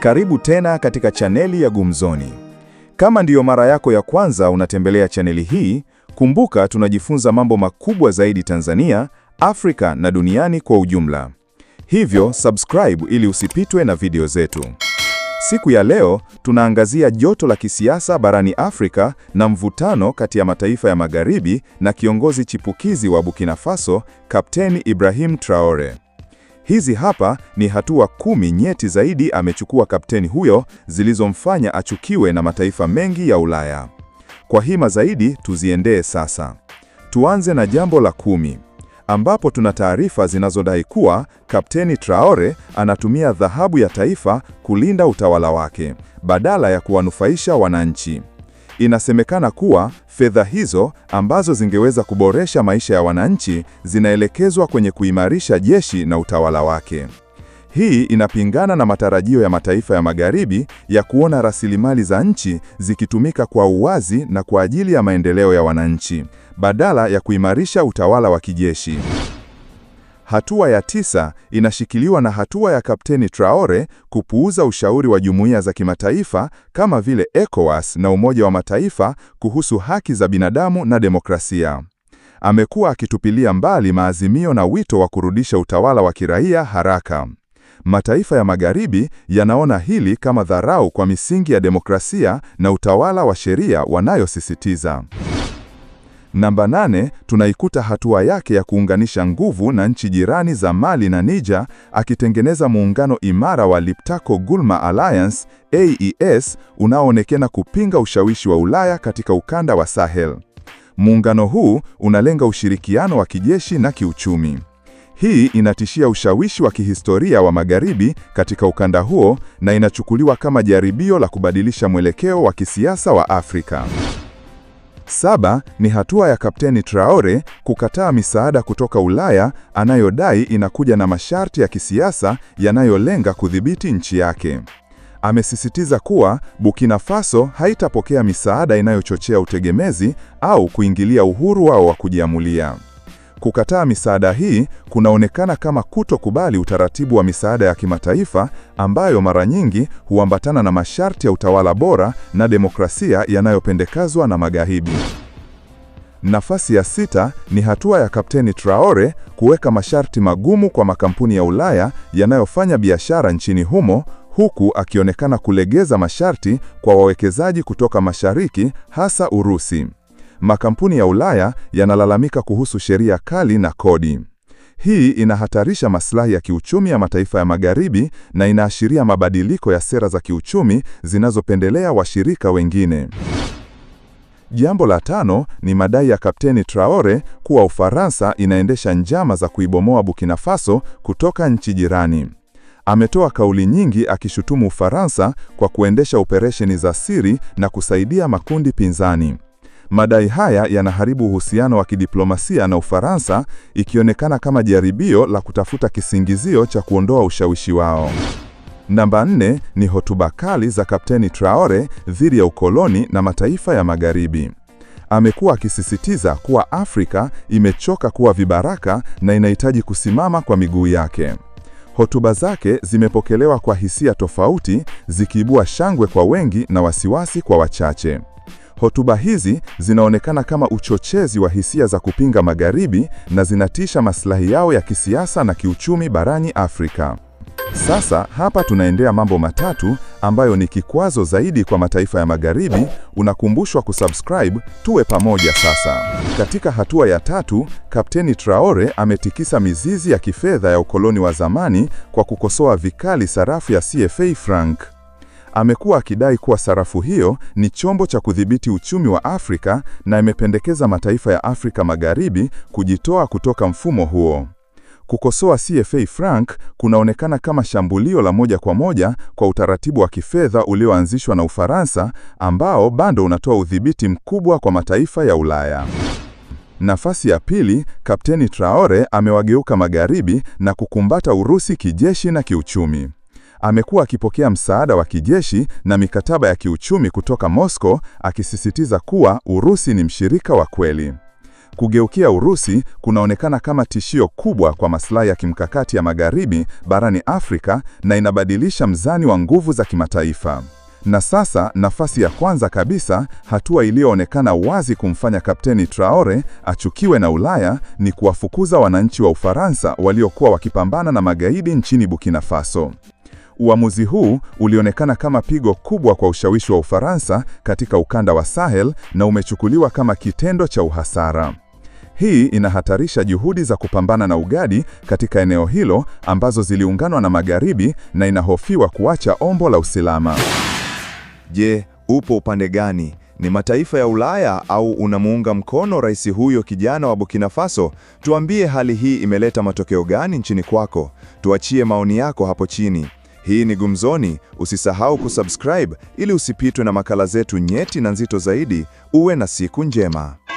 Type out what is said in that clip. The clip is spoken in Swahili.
Karibu tena katika chaneli ya Gumzoni. Kama ndiyo mara yako ya kwanza unatembelea chaneli hii, kumbuka tunajifunza mambo makubwa zaidi Tanzania, Afrika na duniani kwa ujumla. Hivyo, subscribe ili usipitwe na video zetu. Siku ya leo tunaangazia joto la kisiasa barani Afrika na mvutano kati ya mataifa ya Magharibi na kiongozi chipukizi wa Burkina Faso, Kapteni Ibrahim Traore. Hizi hapa ni hatua kumi nyeti zaidi amechukua kapteni huyo zilizomfanya achukiwe na mataifa mengi ya Ulaya. Kwa hima zaidi tuziendee sasa. Tuanze na jambo la kumi ambapo tuna taarifa zinazodai kuwa Kapteni Traore anatumia dhahabu ya taifa kulinda utawala wake badala ya kuwanufaisha wananchi. Inasemekana kuwa fedha hizo ambazo zingeweza kuboresha maisha ya wananchi zinaelekezwa kwenye kuimarisha jeshi na utawala wake. Hii inapingana na matarajio ya mataifa ya Magharibi ya kuona rasilimali za nchi zikitumika kwa uwazi na kwa ajili ya maendeleo ya wananchi, badala ya kuimarisha utawala wa kijeshi. Hatua ya tisa inashikiliwa na hatua ya Kapteni Traore kupuuza ushauri wa jumuiya za kimataifa kama vile ECOWAS na Umoja wa Mataifa kuhusu haki za binadamu na demokrasia. Amekuwa akitupilia mbali maazimio na wito wa kurudisha utawala wa kiraia haraka. Mataifa ya Magharibi yanaona hili kama dharau kwa misingi ya demokrasia na utawala wa sheria wanayosisitiza. Namba nane, tunaikuta hatua yake ya kuunganisha nguvu na nchi jirani za Mali na Niger, akitengeneza muungano imara wa Liptako Gulma Alliance AES unaoonekana kupinga ushawishi wa Ulaya katika ukanda wa Sahel. Muungano huu unalenga ushirikiano wa kijeshi na kiuchumi. Hii inatishia ushawishi wa kihistoria wa Magharibi katika ukanda huo na inachukuliwa kama jaribio la kubadilisha mwelekeo wa kisiasa wa Afrika. Saba ni hatua ya Kapteni Traore kukataa misaada kutoka Ulaya anayodai inakuja na masharti ya kisiasa yanayolenga kudhibiti nchi yake. Amesisitiza kuwa Burkina Faso haitapokea misaada inayochochea utegemezi au kuingilia uhuru wao wa kujiamulia. Kukataa misaada hii kunaonekana kama kutokubali utaratibu wa misaada ya kimataifa ambayo mara nyingi huambatana na masharti ya utawala bora na demokrasia yanayopendekezwa na magharibi. Nafasi ya sita ni hatua ya Kapteni Traore kuweka masharti magumu kwa makampuni ya Ulaya yanayofanya biashara nchini humo, huku akionekana kulegeza masharti kwa wawekezaji kutoka Mashariki, hasa Urusi. Makampuni ya Ulaya yanalalamika kuhusu sheria kali na kodi. Hii inahatarisha maslahi ya kiuchumi ya mataifa ya Magharibi na inaashiria mabadiliko ya sera za kiuchumi zinazopendelea washirika wengine. Jambo la tano ni madai ya Kapteni Traore kuwa Ufaransa inaendesha njama za kuibomoa Burkina Faso kutoka nchi jirani. Ametoa kauli nyingi akishutumu Ufaransa kwa kuendesha operesheni za siri na kusaidia makundi pinzani. Madai haya yanaharibu uhusiano wa kidiplomasia na Ufaransa, ikionekana kama jaribio la kutafuta kisingizio cha kuondoa ushawishi wao. Namba nne ni hotuba kali za Kapteni Traore dhidi ya ukoloni na mataifa ya Magharibi. Amekuwa akisisitiza kuwa Afrika imechoka kuwa vibaraka na inahitaji kusimama kwa miguu yake. Hotuba zake zimepokelewa kwa hisia tofauti, zikiibua shangwe kwa wengi na wasiwasi kwa wachache. Hotuba hizi zinaonekana kama uchochezi wa hisia za kupinga magharibi na zinatisha maslahi yao ya kisiasa na kiuchumi barani Afrika. Sasa hapa tunaendea mambo matatu ambayo ni kikwazo zaidi kwa mataifa ya magharibi. Unakumbushwa kusubscribe, tuwe pamoja sasa. Katika hatua ya tatu, Kapteni Traore ametikisa mizizi ya kifedha ya ukoloni wa zamani kwa kukosoa vikali sarafu ya CFA franc. Amekuwa akidai kuwa sarafu hiyo ni chombo cha kudhibiti uchumi wa Afrika na imependekeza mataifa ya Afrika Magharibi kujitoa kutoka mfumo huo. Kukosoa CFA franc kunaonekana kama shambulio la moja kwa moja kwa utaratibu wa kifedha ulioanzishwa na Ufaransa ambao bado unatoa udhibiti mkubwa kwa mataifa ya Ulaya. Nafasi ya pili, Kapteni Traore amewageuka Magharibi na kukumbata Urusi kijeshi na kiuchumi amekuwa akipokea msaada wa kijeshi na mikataba ya kiuchumi kutoka Moscow, akisisitiza kuwa Urusi ni mshirika wa kweli. Kugeukia Urusi kunaonekana kama tishio kubwa kwa maslahi ya kimkakati ya magharibi barani Afrika na inabadilisha mzani wa nguvu za kimataifa. Na sasa nafasi ya kwanza kabisa, hatua iliyoonekana wazi kumfanya Kapteni Traore achukiwe na Ulaya ni kuwafukuza wananchi wa Ufaransa waliokuwa wakipambana na magaidi nchini Burkina Faso. Uamuzi huu ulionekana kama pigo kubwa kwa ushawishi wa Ufaransa katika ukanda wa Sahel na umechukuliwa kama kitendo cha uhasara. Hii inahatarisha juhudi za kupambana na ugadi katika eneo hilo ambazo ziliunganwa na Magharibi na inahofiwa kuacha ombo la usalama. Je, upo upande gani? Ni mataifa ya Ulaya au unamuunga mkono rais huyo kijana wa Burkina Faso? Tuambie hali hii imeleta matokeo gani nchini kwako? Tuachie maoni yako hapo chini. Hii ni Gumzoni. Usisahau kusubscribe ili usipitwe na makala zetu nyeti na nzito zaidi. Uwe na siku njema.